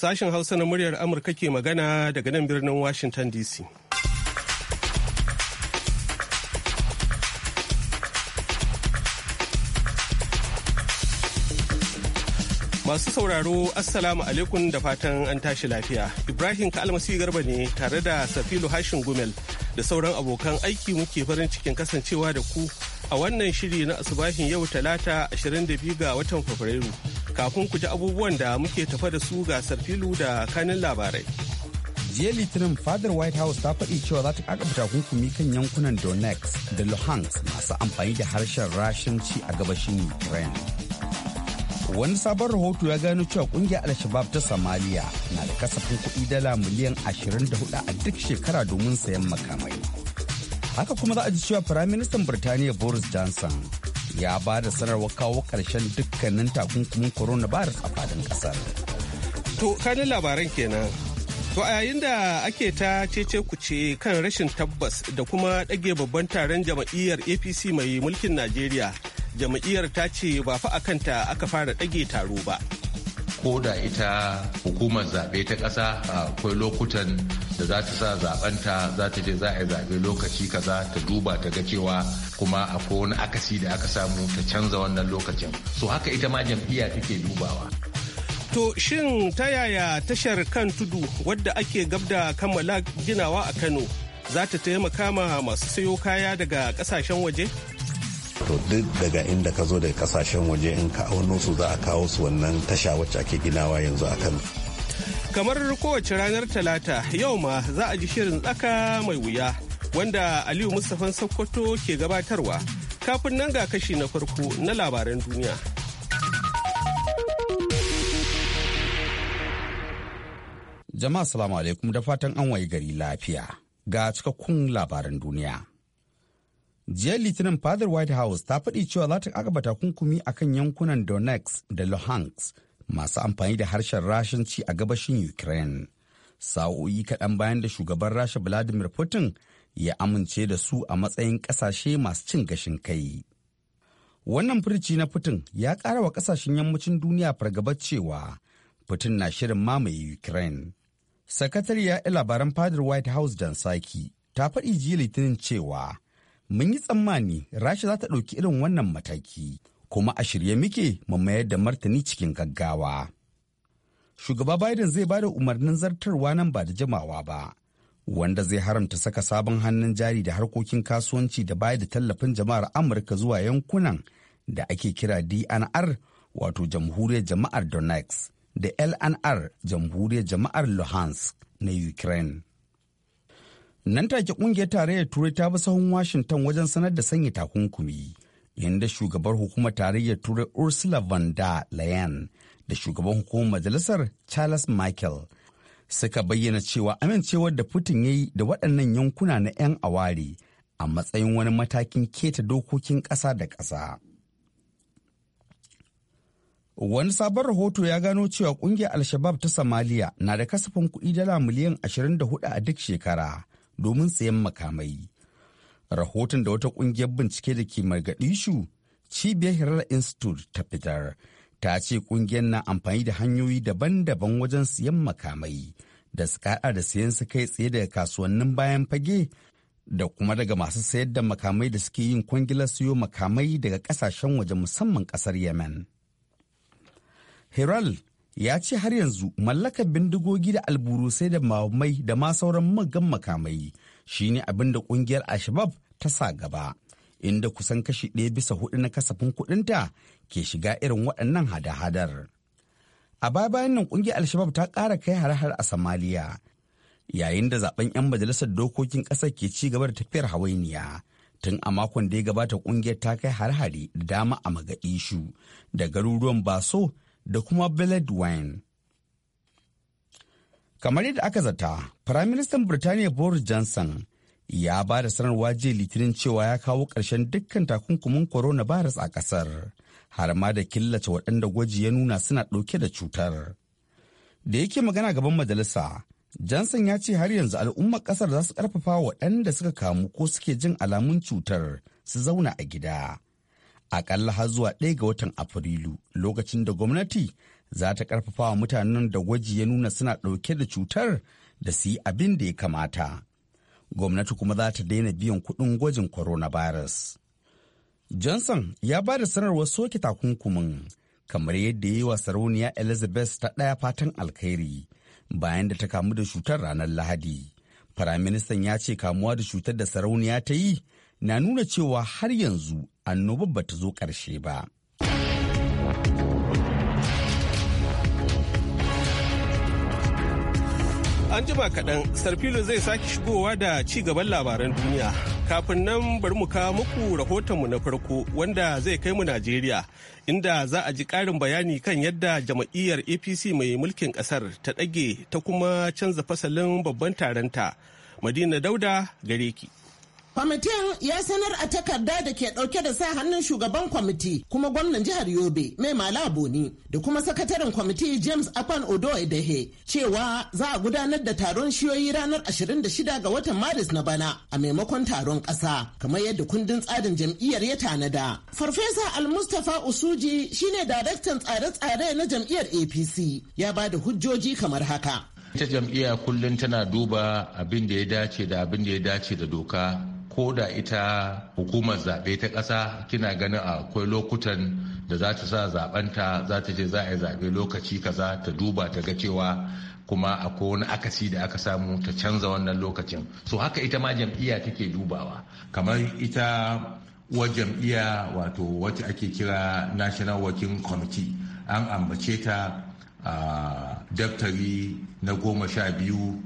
Sashen Hausa na muryar Amurka ke magana daga nan birnin Washington DC. Masu sauraro, Assalamu alaikum da fatan an tashi lafiya. Ibrahim Kalmasi Garba ne tare da Safilu Hashin Gumel da sauran abokan aiki muke farin cikin kasancewa da ku a wannan shiri na asubahin yau talata 22 ga watan Fabrairu. kafin ku ji abubuwan da muke tafa da su gasar filu da kanin labarai. jiya litinin fadar white house ta faɗi cewa za ta kakaba takunkumi kan yankunan donetsk da luhansk masu amfani da harshen rashinci a gabashin ukraine wani sabon rahoto ya gano cewa kungiyar alshabab ta somalia na da kasafin kuɗi dala miliyan 24 a duk shekara domin sayan makamai haka kuma za a ji cewa firaministan birtaniya boris johnson ya ba da sanarwar kawo karshen dukkanin takunkumin coronavirus a fadin ƙasar. To, kanin labaran kenan. To a yayin da ake ta cece kuce kan rashin tabbas da kuma ɗage babban taron jama'iyyar APC mai mulkin Najeriya, jama'iyyar ta ce ba fa a kanta aka fara ɗage taro ba. Ko da ita hukumar zaɓe ta ƙasa akwai lokutan da za ta sa ta za ta je za a yi zaɓe lokaci kaza ta duba ta ga cewa kuma akwai wani akasi da aka samu ta canza wannan lokacin so haka ita ma jam'iyya take dubawa To shin ta yaya tashar kan tudu wadda ake gab da kammala ginawa a Kano za ta taimaka ma masu sayo kaya daga kasashen waje? To duk daga inda ka zo daga kasashen waje in ka auno su za a kawo su wannan tasha wacce ake ginawa yanzu a Kano. Kamar kowace ranar Talata yau ma za a ji shirin tsaka mai wuya wanda Aliyu Mustapha Sokoto ke gabatarwa. Kafin nan ga kashi na farko na labaran duniya. Jama'a salamu alaikum da fatan an waye gari lafiya ga cikakkun labaran duniya. jiya litinin fadar white house ta faɗi cewa za ta agaba takunkumi a kan yankunan donetsk da luhansk masu amfani da harshen Rashinci a gabashin ukraine sa'o'i kaɗan bayan da shugaban rasha vladimir putin ya amince da su a matsayin ƙasashe masu cin gashin kai wannan firci na putin ya ƙara wa ƙasashen yammacin duniya fargabar cewa putin na shirin mamaye ukraine sakatariya labaran fadar white house dan saki ta faɗi jiya litinin cewa mun yi tsammani rasha za ta ɗauki irin wannan mataki kuma a shirye muke mu mayar da martani cikin gaggawa. Shugaba Biden zai ba da umarnin zartarwa nan ba da jimawa ba, wanda zai haramta saka sabon hannun jari da harkokin kasuwanci da bayar da tallafin jama'ar Amurka zuwa yankunan da ake kira DNR wato jamhuriyar jama'ar Donetsk da LNR jamhuriyar jama'ar Luhansk na Ukraine. Nan take kungiyar tarayyar Turai ta bi sahun Washington wajen sanar da sanya takunkumi. inda shugabar hukumar tarayyar turai ursula von der leyen da shugaban hukumar majalisar charles michael suka bayyana cewa amincewar da putin ya yi da waɗannan yankuna na 'yan aware a matsayin wani matakin keta dokokin ƙasa da ƙasa wani sabon rahoto ya gano cewa ƙungiyar alshabab ta Somalia na da kasafin kuɗi dala miliyan 24 a duk shekara domin sayan makamai rahoton da wata kungiyar bincike da ke margaɗishu cibiyar hirar institute ta fitar ta ce kungiyar na amfani da hanyoyi daban-daban wajen siyan makamai da su kaɗa da siyan su kai tsaye daga kasuwannin bayan fage da kuma daga masu sayar da makamai da suke yin kwangilar siyo makamai daga kasashen waje musamman ƙasar yemen herald ya ce har yanzu mallakar bindigogi da alburu sai da mamai da ma sauran magan makamai shine abin da kungiyar Alshabab ta sa gaba, inda kusan kashi ɗaya bisa hudu na kasafin kuɗinta ke shiga irin waɗannan hada-hadar. A baya bayan nan kungiyar Alshabab ta ƙara kai har-har a Somalia, yayin da zaben 'yan majalisar dokokin ƙasar ke ci gaba da tafiyar hawainiya. Tun a makon da ya gabata kungiyar ta kai har-hari da dama a Magadishu da garuruwan Baso da kuma wine. kamar yadda aka zata firaministan birtaniya boris johnson ya ba da sanarwa jiya litinin cewa ya kawo ƙarshen dukkan takunkumin coronavirus a ƙasar har ma da killace waɗanda gwaji ya nuna suna ɗauke da cutar da yake magana gaban majalisa johnson ya ce har yanzu al'ummar ƙasar za su ƙarfafa waɗanda suka kamu ko suke jin alamun cutar su zauna a gida aƙalla har zuwa ɗaya ga watan afrilu lokacin da gwamnati za ta ƙarfafa wa mutanen da gwaji ya nuna suna ɗauke da cutar da su yi abin da ya kamata gwamnati kuma za ta daina biyan kuɗin gwajin coronavirus. Johnson ya ba da sanarwar soke takunkumin kamar yadda ya yi wa sarauniya Elizabeth ta ɗaya fatan alkhairi bayan da ta kamu da cutar ranar Lahadi. Firaministan ya ce kamuwa da cutar da sarauniya ta yi na nuna cewa har yanzu annobar ba ta zo ƙarshe ba. An jima kaɗan, Sarfilo zai sake shigowa da ci gaban labaran duniya. Kafin nan bari mu kawo muku mu na farko wanda zai kai mu Najeriya, inda za a ji ƙarin bayani kan yadda jama'iyyar APC mai mulkin ƙasar ta ɗage ta kuma canza fasalin babban taronta. Madina Dauda gare ki. Kwamitin ya sanar a takarda da ke ɗauke da sa hannun shugaban kwamiti kuma gwamnan jihar Yobe mai mala boni da kuma sakataren kwamiti James Akpan Odo Edehe cewa za a gudanar da taron shiyoyi ranar 26 ga watan Maris na bana a maimakon taron ƙasa kamar yadda kundin tsarin jam'iyyar ya tanada. Farfesa Al-Mustapha Usuji shine daraktan tsare-tsare na jam'iyyar APC ya ba da hujjoji kamar haka. Ita jam'iyya kullum tana duba abin da ya dace da abin da ya dace da doka ko da ita hukumar zaɓe ta ƙasa kina ganin akwai lokutan da za ta sa zaɓenta za ta ce za a yi zaɓe lokaci kaza ta duba ta ga cewa kuma akwai wani akasi da aka samu ta canza wannan lokacin so haka ita ma jam'iyya take dubawa kamar ita wa jam'iyya wato wacce ake kira national working committee an ambace ta a ah, daftari na goma sha biyu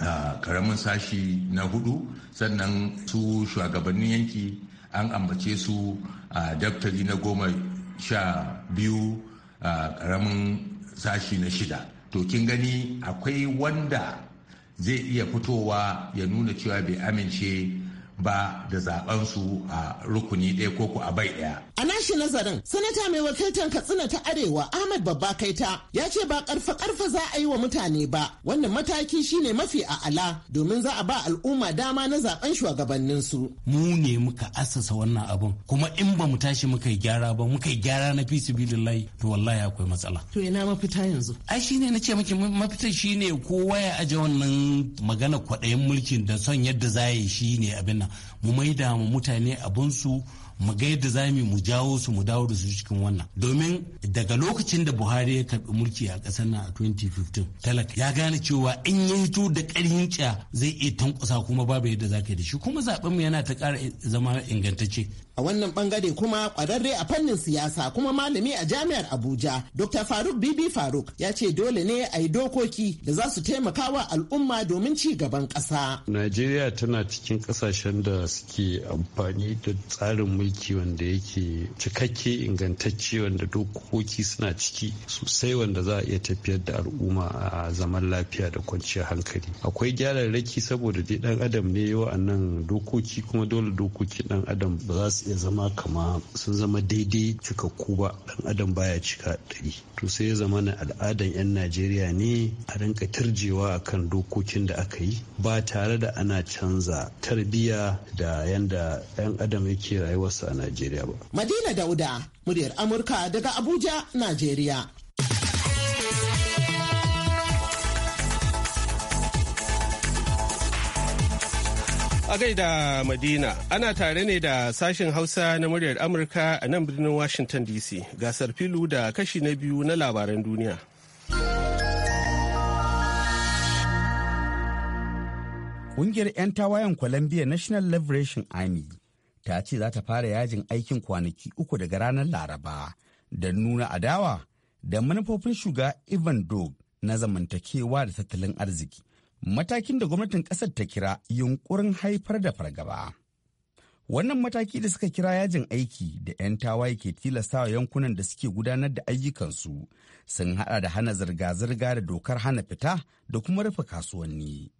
a karamin sashi na hudu sannan su shugabannin yanki an ambace su a daftari na goma sha biyu a karamin sashi na shida to kin gani akwai wanda zai iya fitowa ya nuna cewa bai amince ba da zaben su a rukuni ɗaya ko a bai ɗaya. A nashi nazarin, sanata mai wakiltar Katsina ta Arewa Ahmad Babba Kaita ya ce ba karfa karfa za a yi wa mutane ba. Wannan mataki shine mafi a'ala domin za a ba al'umma dama na zaben shugabannin su. Mu ne muka assasa wannan abun kuma in ba mu tashi muka yi gyara ba muka yi gyara na fi sibilillahi to wallahi akwai matsala. To ina mafita yanzu? Ai shine na ce maki mafita shine kowa ya aje wannan magana kwaɗayin mulkin da son yadda za yi shine abin nan. mu maida mu mutane abinsu mu ga yadda za mu jawo su mu dawo da su cikin wannan domin daga lokacin da buhari ya karbi mulki a ƙasar nan a 2015 talaka ya gane cewa in ya hito da ƙarhin zai iya tankusa kuma babu yadda za ka yi da shi kuma zaɓen mu yana ta kara zama ingantacce a wannan bangare kuma kwararre a fannin siyasa kuma malami a jami'ar abuja dr faruk bibi faruk ya ce dole ne a yi dokoki da za su taimaka wa al'umma domin ci gaban ƙasa. najeriya tana cikin ƙasashen da suke amfani da tsarin mulki wanda yake cikakke ingantacce wanda dokoki suna ciki sosai wanda za a iya tafiyar da al'umma a zaman lafiya da kwanciyar hankali akwai gyararraki saboda dai dan adam ne nan dokoki kuma dole dokoki dan adam ba za su ya zama kama sun zama daidai cikakku ba dan adam baya cika ɗari to sai ya zama na al'adan 'yan najeriya ne a rinka turjewa akan dokokin da aka yi ba tare da ana canza tarbiyya da yanda 'yan adam yake rayuwarsa a najeriya ba madina dauda muryar amurka daga abuja najeriya A gaida Madina, ana tare ne da sashen Hausa na muryar Amurka a nan birnin Washington DC. Gasar filu da kashi na biyu na labaran duniya. Ƙungiyar 'yan tawayen Colombia National Liberation Army ta ce za ta fara yajin aikin kwanaki uku daga ranar Laraba da nuna adawa da manufofin shuga Ivan Dog na zamantakewa da tattalin arziki matakin da gwamnatin ƙasar ta kira yunkurin haifar da fargaba. Wannan mataki da suka kira yajin aiki da 'yan tawaye ke tilastawa yankunan da suke gudanar da ayyukansu sun hada da hana zirga-zirga da dokar hana fita da kuma rufe kasuwanni.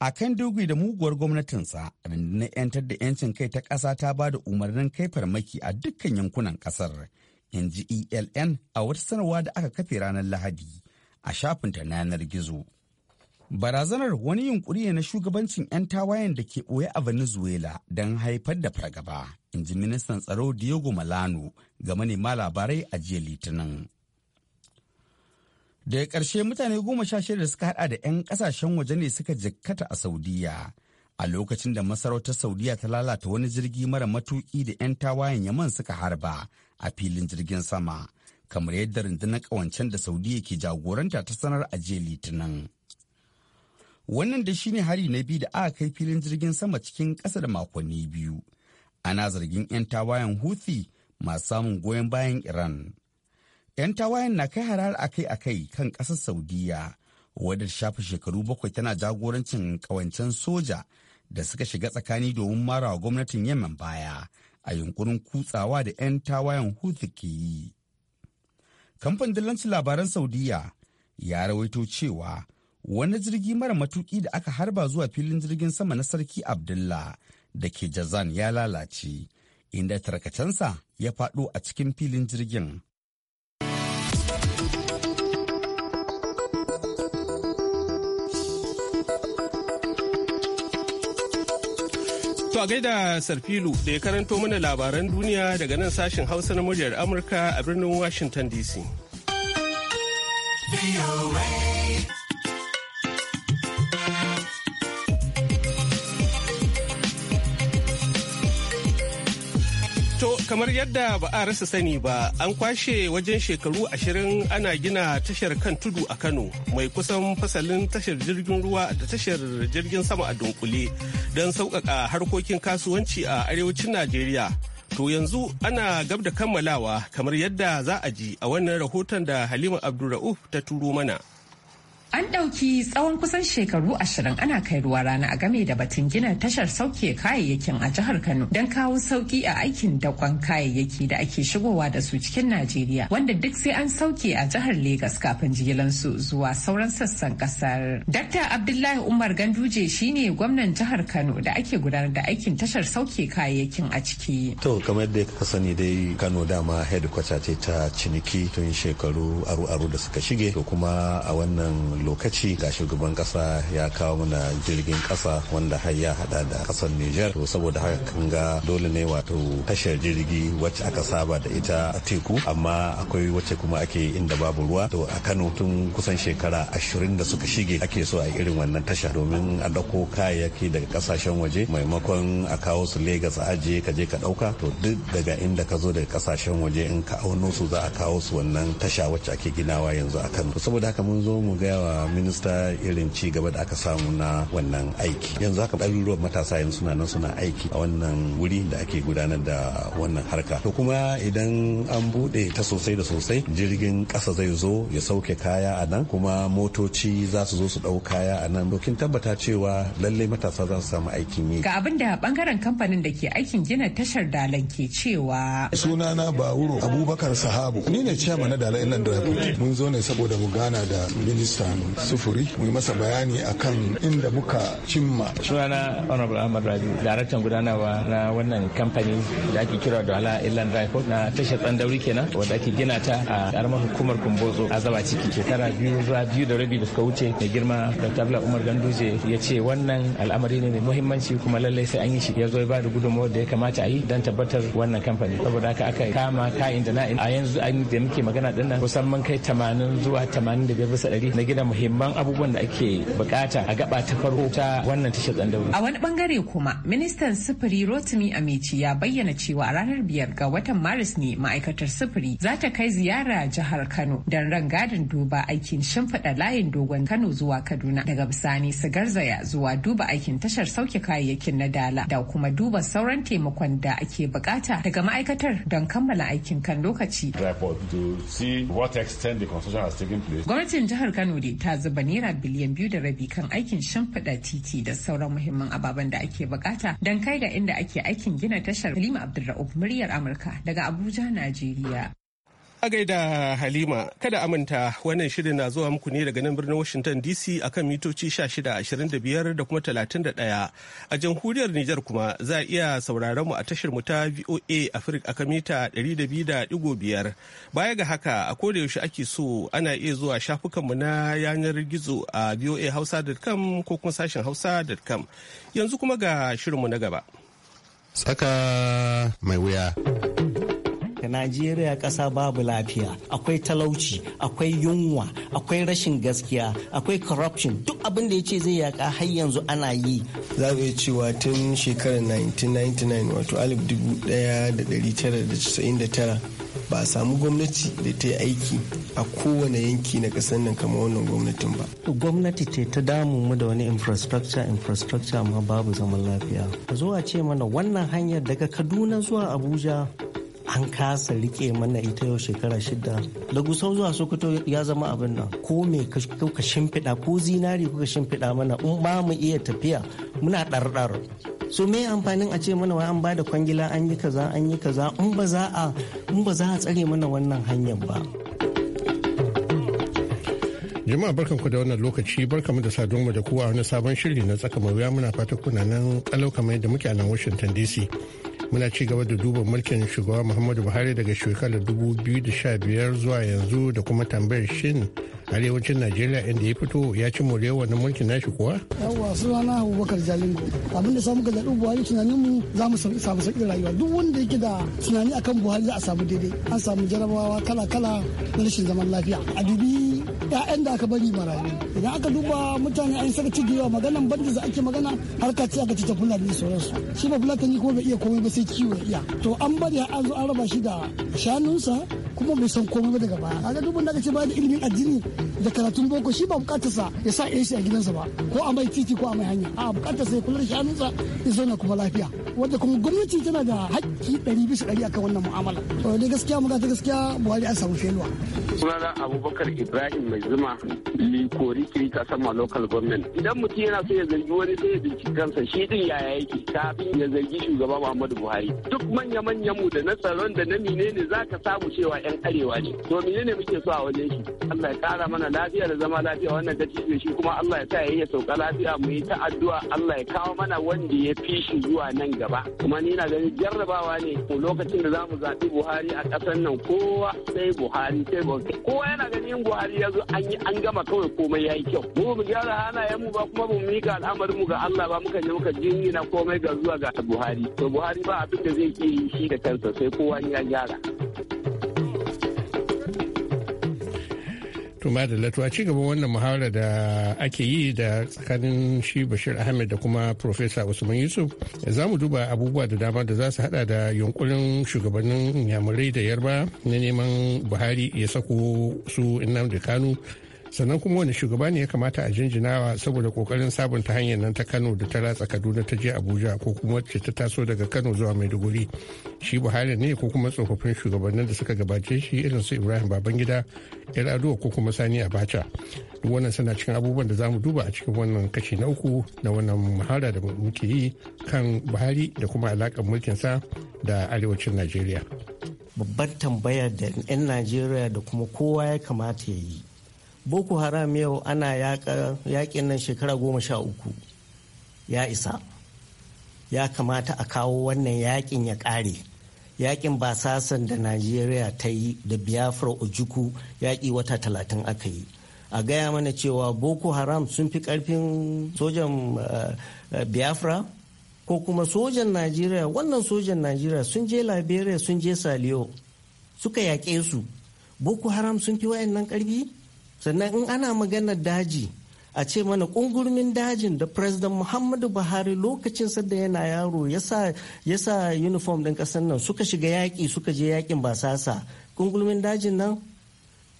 A kan dogui da muguwar gwamnatinsa, rundunar 'yantar da 'yancin kai ta ƙasa ta ba da umarnin kai farmaki a dukkan yankunan ƙasar, in ji ELN a wata sanarwa da aka kafe ranar Lahadi a shafinta na yanar gizo. Barazanar wani yunkuri ne na shugabancin 'yan tawayen da ke ɓoye a Venezuela don haifar da fargaba, in ji ministan tsaro Diego Malano ga manema labarai a jiya Litinin. Daga ƙarshe mutane goma sha shida da suka hada da 'yan ƙasashen waje ne suka jikkata a Saudiya. A lokacin da masarautar Saudiya ta lalata wani jirgi mara matuƙi da 'yan tawayen Yaman suka harba a filin jirgin sama, kamar yadda rundunar ƙawancen da Saudiya ke jagoranta ta sanar a jiya Litinin. wannan da shine hari na biyu da aka kai filin jirgin sama cikin ƙasa da makonni biyu ana zargin 'yan tawayen huti masu samun goyon bayan iran 'yan tawayen na kai harar akai-akai kan ƙasar saudiya wadda shafi shekaru bakwai tana jagorancin ƙawancen soja da suka shiga tsakani domin marawa gwamnatin yemen baya a yunkurin kutsawa da 'yan tawayen huti ke yi kamfanin dillancin labaran saudiya ya rawaito cewa wani jirgi mara matuki da aka harba zuwa filin jirgin sama na sarki abdullah da ke jazan ya lalace inda tarkacensa ya faɗo a cikin filin jirgin To a gaida Sarfilu da ya karanto mana labaran duniya daga nan sashen Hausa na muryar Amurka a birnin Washington DC. kamar yadda ba a rasa sani ba an kwashe wajen shekaru ashirin ana gina tashar kan tudu a kano mai kusan fasalin tashar jirgin ruwa da tashar jirgin sama a dunkule don sauƙaƙa harkokin kasuwanci a arewacin najeriya to yanzu ana gab da kammalawa kamar yadda za a ji a wannan rahoton da halima abdulra'uf ta turo mana. An ɗauki tsawon kusan shekaru ashirin ana kai ruwa rana a game da batun gina tashar sauke kayayyakin a jihar Kano don kawo sauki a aikin dakon kayayyaki da ake shigowa da su cikin Najeriya wanda duk sai an sauke a jihar Legas kafin su zuwa sauran sassan kasar. Dr. Abdullahi Umar Ganduje shine gwamnan jihar Kano da ake gudanar da aikin tashar sauke kayayyakin a ciki. To kamar yadda ka sani dai Kano dama headquarter ce ta ciniki tun shekaru aru-aru da suka shige to kuma a wannan lokaci ga shugaban kasa ya kawo mana jirgin kasa wanda har ya hada da kasar Niger to saboda haka kan ga dole ne wato tashar jirgi wacce aka saba da ita a teku amma akwai wacce kuma ake inda babu ruwa to a Kano tun kusan shekara ashirin da suka shige ake so a irin wannan tasha domin a dauko kayayyaki daga kasashen waje maimakon a kawo su Legas a ajiye ka je ka dauka to duk daga inda ka zo daga kasashen waje in ka auno su za a kawo su wannan tasha wacce ake ginawa yanzu a Kano saboda haka mun zo mu gaya wa minista irin ci gaba da aka samu na wannan aiki yanzu haka ɗaruruwan matasa yanzu suna nan suna aiki a wannan wuri da ake gudanar da wannan harka to kuma idan an buɗe ta sosai da sosai jirgin ƙasa zai zo ya sauke kaya a nan kuma motoci za su zo su ɗau kaya a nan dokin tabbata cewa lallai matasa za su samu aikin yi ga abinda da bangaren kamfanin da ke aikin gina tashar dalan ke cewa sunana bawuro abubakar sahabu ni ne ciyama na dalan nan da mun zo ne saboda mu gana da minista sufuri mu yi masa bayani akan inda muka cimma sunana honorable ahmad rabi daraktan gudanarwa na wannan kamfani da ake kira da ala ilan rifle na tashar tsandauri kenan wadda ake gina ta a karamar hukumar kumbotso a zaba ciki shekara biyu zuwa biyu da rabi da suka wuce da girma dr abla umar ganduje ya ce wannan al'amari ne mai muhimmanci kuma lallai sai an yi shi ya zo ya ba da gudunmawar da ya kamata a yi don tabbatar wannan kamfani saboda haka aka kama kayan da na'in a yanzu an da muke magana dinnan kusan man kai 80 zuwa 85 da bisa na gidan muhimman abubuwan da ake bukata a gaba ta farko ta wannan tashar tsandauri. A wani bangare kuma ministan sufuri Rotimi Amici ya bayyana cewa a ranar biyar ga watan Maris ne ma'aikatar sufuri za ta kai ziyara jihar Kano don rangadin duba aikin shimfiɗa layin dogon Kano zuwa Kaduna daga bisani su garzaya zuwa duba aikin tashar sauke kayayyakin na dala da kuma duba sauran taimakon da ake bukata daga ma'aikatar don kammala aikin kan lokaci. Gwamnatin jihar Kano de. ta zuba naira biliyan biyu da rabi kan aikin shimfiɗa titi da sauran muhimman ababen da ake bukata don kai ga inda ake aikin gina tashar Halima Abdulra'uf muryar Amurka daga Abuja, Najeriya. A gaida Halima, kada amanta wannan shirin na zuwa muku ne daga nan birnin Washington DC akan mitoci 1625 da kuma 31. A jamhuriyar Nijar kuma za a iya sauraron mu a tashar mu ta VOA Africa akan mita 200.5. Baya ga haka a koda yaushe ake so ana iya zuwa shafukanmu na yanar gizo a voahausa.com ko kuma sashen hausa.com. Yanzu kuma ga shirinmu na gaba. Tsaka mai wuya. Da Najeriya ƙasa babu lafiya, akwai talauci, akwai yunwa, akwai rashin gaskiya, akwai corruption duk abin da ya ce zai yaƙa har yanzu ana yi. Za mu iya cewa tun shekarar 1999 wato 1999 ba a samu gwamnati da ta yi aiki a kowane yanki na ƙasar nan kamar wannan gwamnatin ba. Gwamnati ta ta damu mu da wani infrastructure infrastructure amma babu zaman lafiya. Zuwa ce mana wannan hanyar daga Kaduna zuwa Abuja an kasa rike mana ita yau shekara shida da gusau zuwa sokoto ya zama abin nan ko me kuka shimfiɗa ko zinari kuka shimfiɗa mana in ba mu iya tafiya muna ɗarɗar so me amfanin a ce mana wai an ba da kwangila an yi kaza an yi kaza in ba za a in ba za a tsare mana wannan hanyar ba jama'a barkan ku da wannan lokaci barkan mu da saduwar da kowa wani sabon shiri na tsaka mawuya muna fata kuna nan kalau kamar da muke a nan washington dc muna ci gaba da duba mulkin shugaba muhammadu buhari daga shekarar 2015 zuwa yanzu da kuma tambayar shin arewacin najeriya inda ya fito ya ci moriyar wannan mulkin nashi kuwa yawa sunana abubakar jalingo abin da samu ga zaɓi buhari tunanin mu za mu samu sauƙin rayuwa duk wanda yake da tunani akan buhari za a samu daidai an samu jarabawa kala kala na rashin zaman lafiya a dubi 'ya'yan da aka bari marayu idan aka duba mutane an saka ci yawa maganan banda za ake magana ka ci aka ci ta fulani da sauransu shi ba fulani kuma bai iya komai ba sai kiwo iya to an bari an zo an raba shi da shanunsa kuma bai san komai ba daga baya kaga da ka ce ba da ilimin addini da karatun boko shi ba bukatarsa sa ya sa AC a gidansa ba ko a mai titi ko a mai hanya a bukatar sa ya kula da shanunsa ya zauna kuma lafiya wanda kuma gwamnati tana da haƙƙi ɗari bisa ɗari akan wannan mu'amala to da gaskiya mu ta gaskiya Buhari an samu feluwa sunana Abubakar Ibrahim mai zuma likori kiri ta sama local government idan mutum yana so ya zargi wani sai ya binciki kansa shi din yaya yake kafin ya zargi shugaba muhammadu buhari duk manya manyan mu da na tsaron da na menene za ka samu cewa yan arewa ne to ne muke so a wajen shi allah ya kara mana lafiya da zama lafiya wannan da shi kuma allah ya sa ya iya sauka lafiya mu yi ta addu'a allah ya kawo mana wanda ya fi shi zuwa nan gaba kuma ni na ganin jarrabawa ne lokacin da za mu zaɓi buhari a ƙasar nan kowa sai buhari sai buhari kowa yana ganin buhari ya zo an an gama kawai komai ya yi kyau mu mu gyara halayen mu ba kuma mu mika al'amarin mu ga Allah ba muka je muka na komai ga zuwa ga Buhari to Buhari ba abin da zai iya yi shi da kansa sai kowa ya gyara Tuma da latuwa ci gaban wannan muhawara da ake yi da tsakanin shi Bashir Ahmed da kuma Profesa Usman Yusuf za mu duba abubuwa da dama da za su hada da yunkurin shugabannin yamurai da yarba na neman Buhari ya sako su da Kanu sannan kuma wani shugaba ne ya kamata a jinjinawa saboda kokarin sabunta hanyar nan ta kano da ta ratsa kaduna ta je abuja ko kuma wacce ta taso daga kano zuwa maiduguri shi buhari ne ko kuma tsofaffin shugabannin da suka gabace shi irin su ibrahim babangida yar aduwa ko kuma sani abacha duk wannan suna cikin abubuwan da zamu duba a cikin wannan kashi na uku na wannan muhara da muke yi kan buhari da kuma alakan mulkinsa da arewacin najeriya babbar tambaya da 'yan najeriya da kuma kowa ya kamata ya yi boko haram yau ana yakin nan shekara goma sha uku ya isa ya kamata a kawo wannan yakin ya ƙare yakin basasan da najeriya ta yi da biafra ojuku yaƙi wata talatin aka yi a gaya mana cewa boko haram sun fi ƙarfin sojan eh, eh, biafra ko kuma sojan najeriya wannan sojan najeriya sun je liberia sun je saliyo suka yaƙe su boko haram sun fi wayannan ƙarfi sannan in ana maganar daji a ce mana kungurmin dajin da president muhammadu buhari lokacin da yana yaro ya sa uniform din ƙasar nan suka shiga yaƙi suka je yaƙin basasa kungurmin dajin nan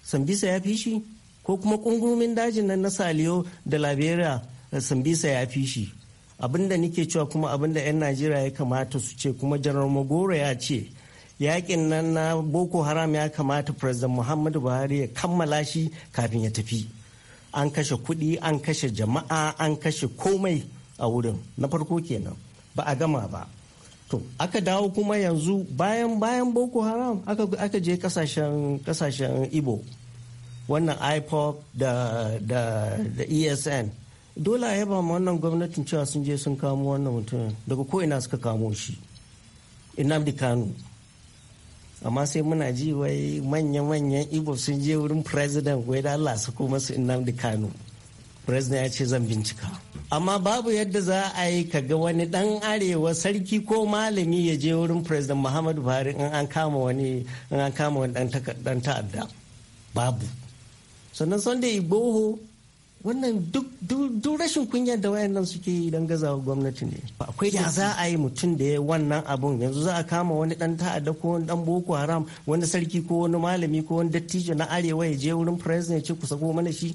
sambisa ya fi shi ko kuma kungurmin dajin nan na saliyo da liberia sambisa ya fi shi abinda nike cewa kuma abinda 'yan najeriya ya kamata su ce kuma janar magoro ya ce yakin nan na boko haram ya kamata president muhammadu buhari ya kammala shi kafin ya tafi an kashe kuɗi an kashe jama'a an kashe komai a wurin na farko kenan ba a gama ba to aka dawo kuma yanzu bayan bayan boko haram aka, je kasashen kasashen ibo wannan ipop da, esn dole a yaba ma wannan gwamnatin cewa sun je sun kamo wannan mutumin daga ko ina suka kamo shi inamdi kanu amma sai muna ji wai manya-manyan ibo sun je wurin president wai da allah su kuma su nnamdi kano president ya ce zan bincika amma babu yadda za a yi kaga wani dan arewa sarki ko malami ya je wurin president muhammadu buhari in an kama wani in dan ta'adda babu sannan sunday igboho wannan duk rashin kunyar da nan suke idan gazawa gwamnati ne akwai ya za a yi mutum da ya wannan abun yanzu za a kama wani dan ta'adda ko wani dan boko haram wani sarki ko wani malami ko wani dattijo na arewa ya je wurin president ya ce ku ko mana shi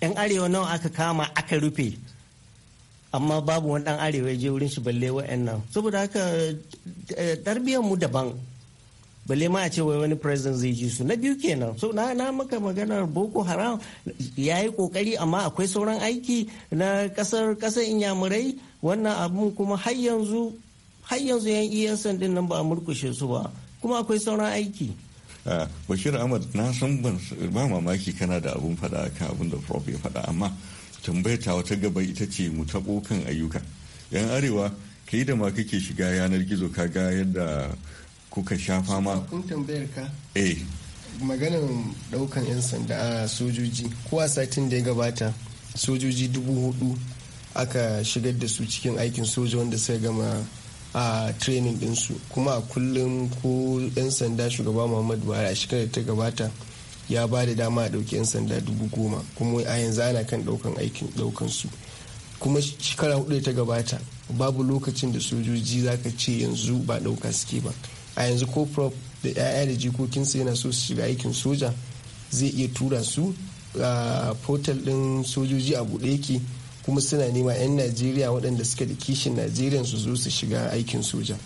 yan arewa nawa aka kama aka rufe amma babu wani dan arewa ya je wurin shi balle nan. saboda haka eh, tarbiyyar mu daban balle ma a ce wai wani president zai ji su na biyu kenan so na na maka maganar boko haram ya yi kokari amma akwai sauran aiki na kasar kasar inyamurai wannan abun kuma har yanzu har yanzu yan iyan e din nan ba a murkushe su ba kuma akwai sauran aiki ah, bashir ahmad na san ban ba mamaki kana da abun faɗa kan abun da prof ya faɗa amma tambayata wata gaba ita ce mu taɓo kan ayyuka yan arewa kai da ma kake shiga yanar gizo ka ga yadda kuka sha fama kun tambayar ka eh maganan daukan yan sanda a sojoji ko a satin da ya gabata sojoji dubu hudu aka shigar da su cikin aikin soja wanda suka gama a training dinsu kuma a kullum ko yan sanda shugaba muhammadu buhari a shekarar ta gabata ya ba da dama a dauki yan sanda dubu goma kuma a yanzu ana kan daukan aikin ɗaukan su kuma shekara hudu ta gabata babu lokacin da sojoji za ka ce yanzu ba dauka suke ba a yanzu ko prop da 'ya'ya da jikokinsa yana so su shiga aikin soja zai iya tura su a portal din sojoji a buɗe yake kuma suna nema 'yan najeriya waɗanda suka da kishin najeriya su zo su shiga aikin soja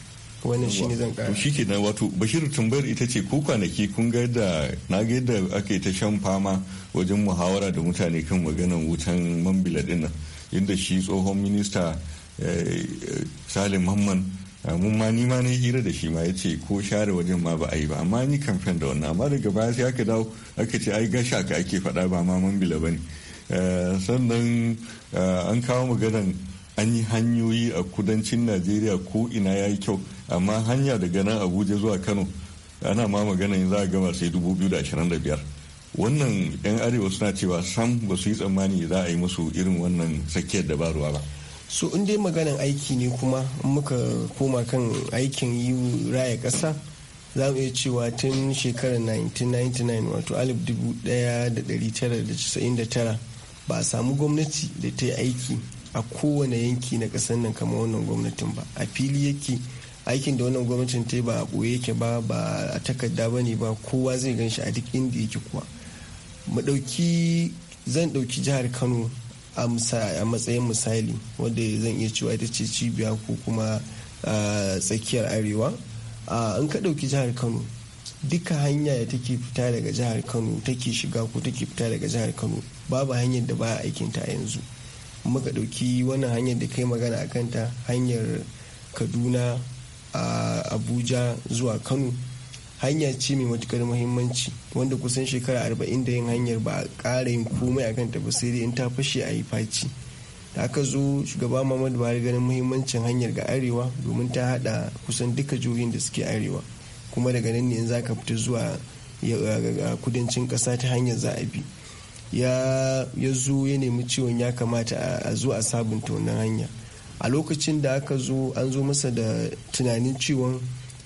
wannan shi ne zan kara. shi na wato bashir tambayar ita ce ko kwanaki kun ga da na ga yadda aka yi ta shan fama wajen muhawara da mutane kan maganan wutan mambila dinnan. yadda shi tsohon minista eh, salim mamman eh, mun ma nima ne hira da shi ma ya ce ko share wajen ma ba a yi ba amma ni kamfen da wannan amma daga baya sai aka dawo aka ce ai gasha ka ake faɗa ba ma mambila ba ne eh, sannan an kawo maganan an yi hanyoyi a kudancin najeriya ko ina ya yi kyau amma hanya daga nan abuja zuwa kano ana ma maganan za a gama sai biyar. wannan 'yan arewa suna cewa sam ba su yi tsammani za a yi musu irin wannan tsakiyar dabaruwa ba so in dai maganin aiki ne kuma muka koma kan aikin yi raya kasa za mu iya cewa tun shekarar 1999 wato 1999 ba a samu gwamnati da ta yi aiki a kowane yanki na ƙasar nan kamar wannan gwamnatin ba a fili yake aikin da wannan gwamnatin ta ba a ɓoye yake ba ba a takarda ba ne ba kowa zai gan shi a duk inda yake kuwa mu zan ɗauki jihar kano a matsayin misali wanda zan iya cewa ita ce cibiya ko kuma tsakiyar arewa in ka ɗauki jihar kano duka hanya da take fita daga jihar kano take shiga ko take fita daga jihar kano babu hanyar da baya aikinta a yanzu muka ɗauki wannan hanyar da kai magana a kanta hanyar kaduna a abuja zuwa kano hanya ce mai matukar muhimmanci wanda kusan shekara arba'in da yin hanyar ba a ƙara yin komai akan ta sai dai in ta fashe a yi faci da aka zo shugaba muhammadu buhari ganin muhimmancin hanyar ga arewa domin ta hada kusan duka jihohin da suke arewa kuma daga nan ne in za ka fita zuwa kudancin ƙasa ta hanyar za a bi ya zo ya nemi ciwon ya kamata a zo a sabunta wannan hanya a lokacin da aka zo an zo masa da tunanin ciwon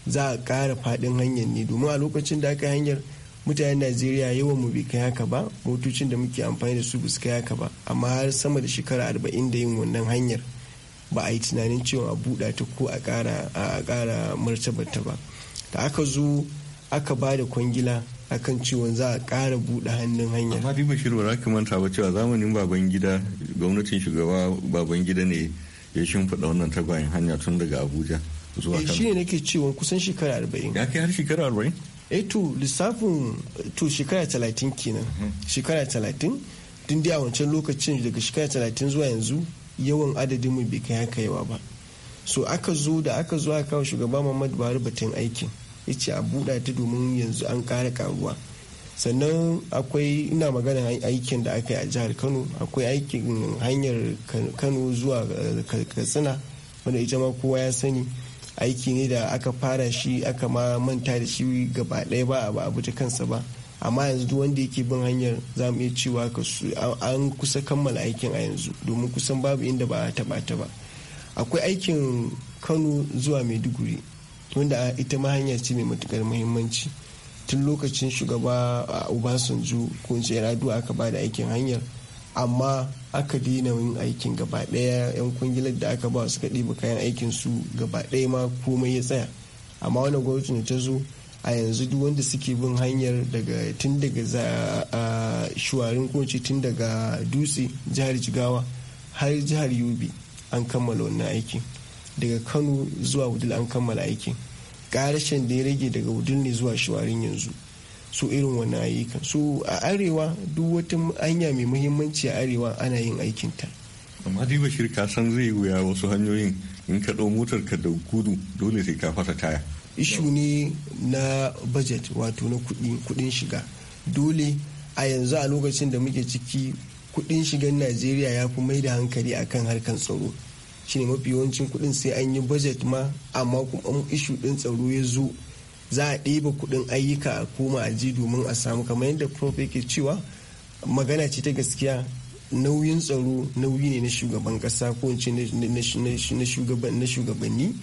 za a ƙara faɗin hanyar ne domin a lokacin da aka hanyar mutanen najeriya yawan mu bai kai haka ba motocin da muke amfani da su su kai haka ba amma har sama da shekara arba'in da yin wannan hanyar ba a yi tunanin cewa a buɗa ta ko a ƙara martabar ta ba da aka zo aka ba da kwangila akan ciwon za a kara buɗe hannun hanyar. Amma Biba Shiru wani ka manta ba cewa zamanin baban gida gwamnatin shugaba baban gida ne ya shimfiɗa wannan tagwayen hanya tun daga Abuja. zuwa eh, kano shi ne nake cewa kusan shekara arba'in ya kai har shekara arba'in eh to lissafin to shekara talatin kenan hmm. shekara talatin tun dai a wancan lokacin daga shekara talatin zuwa yanzu yawan adadin mu bai kai haka yawa ba so aka zo da aka zo aka kawo shugaba muhammad buhari batun aikin ya ce a buɗa ta domin yanzu an ƙara karuwa sannan akwai ina magana aikin da aka yi a jihar kano akwai aikin hanyar kano zuwa eh, katsina wanda ita ma kowa ya sani aiki ne da aka fara shi aka ma manta da shi gaba ɗaya ba a abu ta kansa ba amma yanzu duk wanda yake bin hanyar za mu iya cewa ka su an kusa kammala aikin a yanzu domin kusan babu inda ba a taɓa ta ba akwai aikin kano zuwa maiduguri wanda ita ma hanya ce mai matukar muhimmanci tun lokacin shugaba a obasanjo ko in ce aka ba da aikin hanyar amma aka daina yin aikin gaba ɗaya yan kungiyar da aka ba suka ɗiba kayan aikin su gaba daya ma komai ya tsaya amma wannan gwamnati da ta zo a yanzu duk wanda suke bin hanyar daga tun daga shuwarin koci tun daga dutse jihar jigawa har jihar yobe an kammala wannan aikin daga kano zuwa wudil an kammala aikin ƙarashen da ya rage daga wudil ne zuwa shuwarin yanzu su irin wannan ayyukan su a arewa duk wata hanya mai muhimmanci a arewa ana yin aikinta amma dai bashir ka san zai wuya wasu hanyoyin in ka ɗau motar ka da gudu dole sai ka fasa taya ishu ne na budget wato na kuɗin shiga dole a yanzu a lokacin da muke ciki kuɗin shigan najeriya ya fi mai da hankali akan harkar tsaro shine mafi yawancin kuɗin sai an yi budget ma amma kuma ishu ɗin tsaro ya zo za a ɗiba kuɗin ayyuka a koma a ji domin a samu kamar yadda prof yake cewa magana ce ta gaskiya nauyin tsaro nauyi ne na shugaban ƙasa ko na shugabanni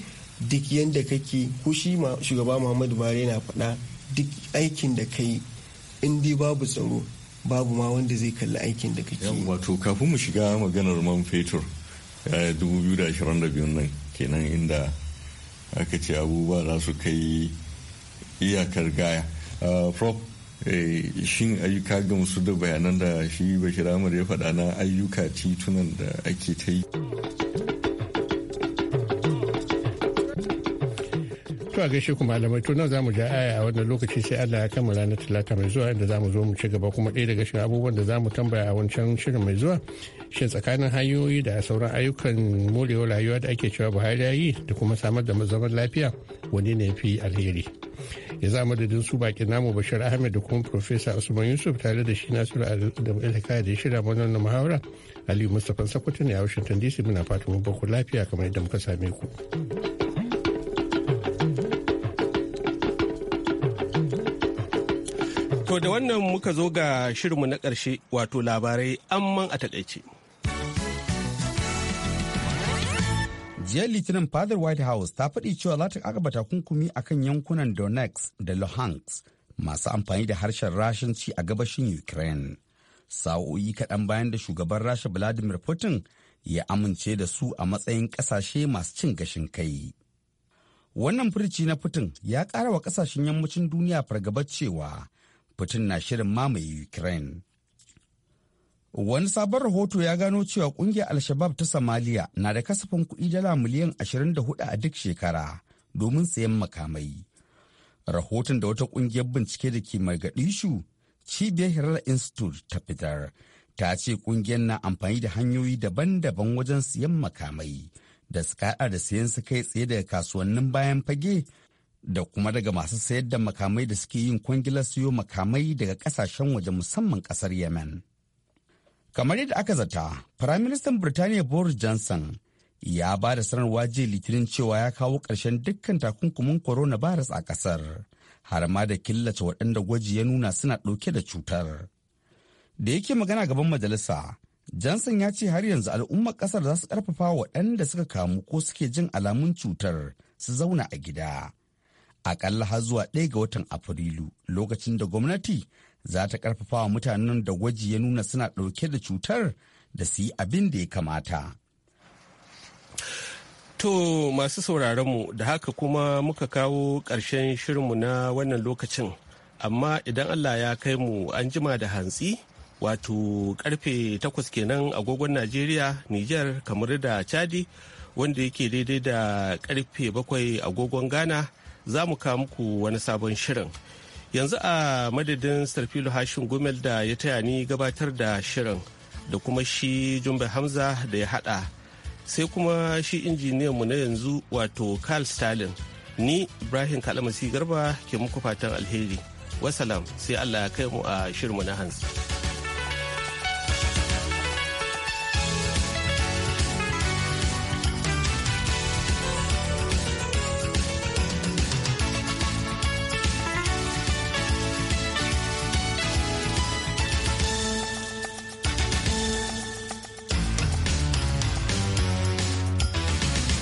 duk yadda kake ko shi shugaba muhammadu buhari yana faɗa duk aikin da ka yi in dai babu tsaro babu ma wanda zai kalli aikin da kake ke. wato kafin mu shiga maganar man fetur 2022 eh, nan kenan inda aka ce abubuwa za su kai iyakar gaya uh, prof eh, shin ayyuka ga musu da bayanan da shi bashir amur ya faɗa na ayyuka titunan da ake ta yi To a gaishe ku malamai to nan zamu ja aya a wannan lokaci sai Allah ya kama ranar talata mai zuwa inda zamu zo mu ci gaba kuma ɗaya daga cikin abubuwan da zamu tambaya a wancan shirin mai zuwa shin tsakanin hanyoyi da sauran ayyukan morewar rayuwa da ake cewa Buhari ya yi da kuma samar da zaman lafiya wani ne fi alheri. Ya za madadin su bakin namu Bashir Ahmed da kuma Profesa Usman Yusuf tare da shi Nasiru Alkaya da ya shirya wannan muhawara Aliyu Mustapha sakwatin ne a Washington DC muna fatan mun ku lafiya kamar yadda muka same ku. To da wannan muka zo ga shirinmu na ƙarshe wato labarai amman a takaice. jiya litinin fadar white house ta faɗi cewa za ta kakaba takunkumi a kan yankunan donetsk da luhansk masu amfani da harshen Rashinci a gabashin ukraine sa'o'i kaɗan bayan da shugaban rasha vladimir putin ya amince da su a matsayin ƙasashe masu cin gashin kai wannan furci na putin ya ƙara wa ƙasashen yammacin duniya fargabar cewa Putin na shirin mamaye Ukraine. Wani sabon rahoto ya gano cewa kungiyar Alshabab ta Somalia na da kasafin kuɗi dala miliyan 24 a duk shekara domin sayan makamai. Rahoton da wata kungiyar bincike da ke Shu, Cibiyar Hirar Institute ta fitar, ta ce kungiyar na amfani da hanyoyi daban-daban wajen siyan makamai da kaɗa da sayan su kai tsaye daga kasuwannin bayan fage da kuma daga masu sayar da makamai da suke yin kwangilar siyo makamai daga kasashen waje musamman kasar yemen kamar yadda aka zata firaministan birtaniya boris johnson ya ba da sanarwa jiya litinin cewa ya kawo ƙarshen dukkan takunkumin coronavirus a ƙasar har ma da killace waɗanda gwaji ya nuna suna ɗauke da cutar da yake magana gaban majalisa johnson ya ce har yanzu al'ummar ƙasar za su ƙarfafa waɗanda suka kamu ko suke jin alamun cutar su zauna a gida akalla har zuwa ɗaya ga watan afrilu lokacin da gwamnati za ta karfafa wa mutanen da gwaji ya nuna suna ɗauke da cutar da su yi abin da ya kamata. To masu sauraronmu da haka kuma muka kawo ƙarshen shirinmu na wannan lokacin, amma idan Allah ya kai mu an jima da hantsi wato karfe takwas kenan agogon Najeriya, Nijar, kamar da Chadi wanda yake daidai da karfe bakwai agogon Ghana. za mu kawo muku wani sabon shirin. Yanzu a madadin Sarfilu Hashim Gumel da ya taya ni gabatar da shirin da kuma shi Jumbe Hamza da ya haɗa. Sai kuma shi injiniyan mu na yanzu wato Carl Stalin. Ni Ibrahim Kalamasi Garba ke muku fatan alheri. Wasalam sai Allah ya kai mu a shirinmu na hansi.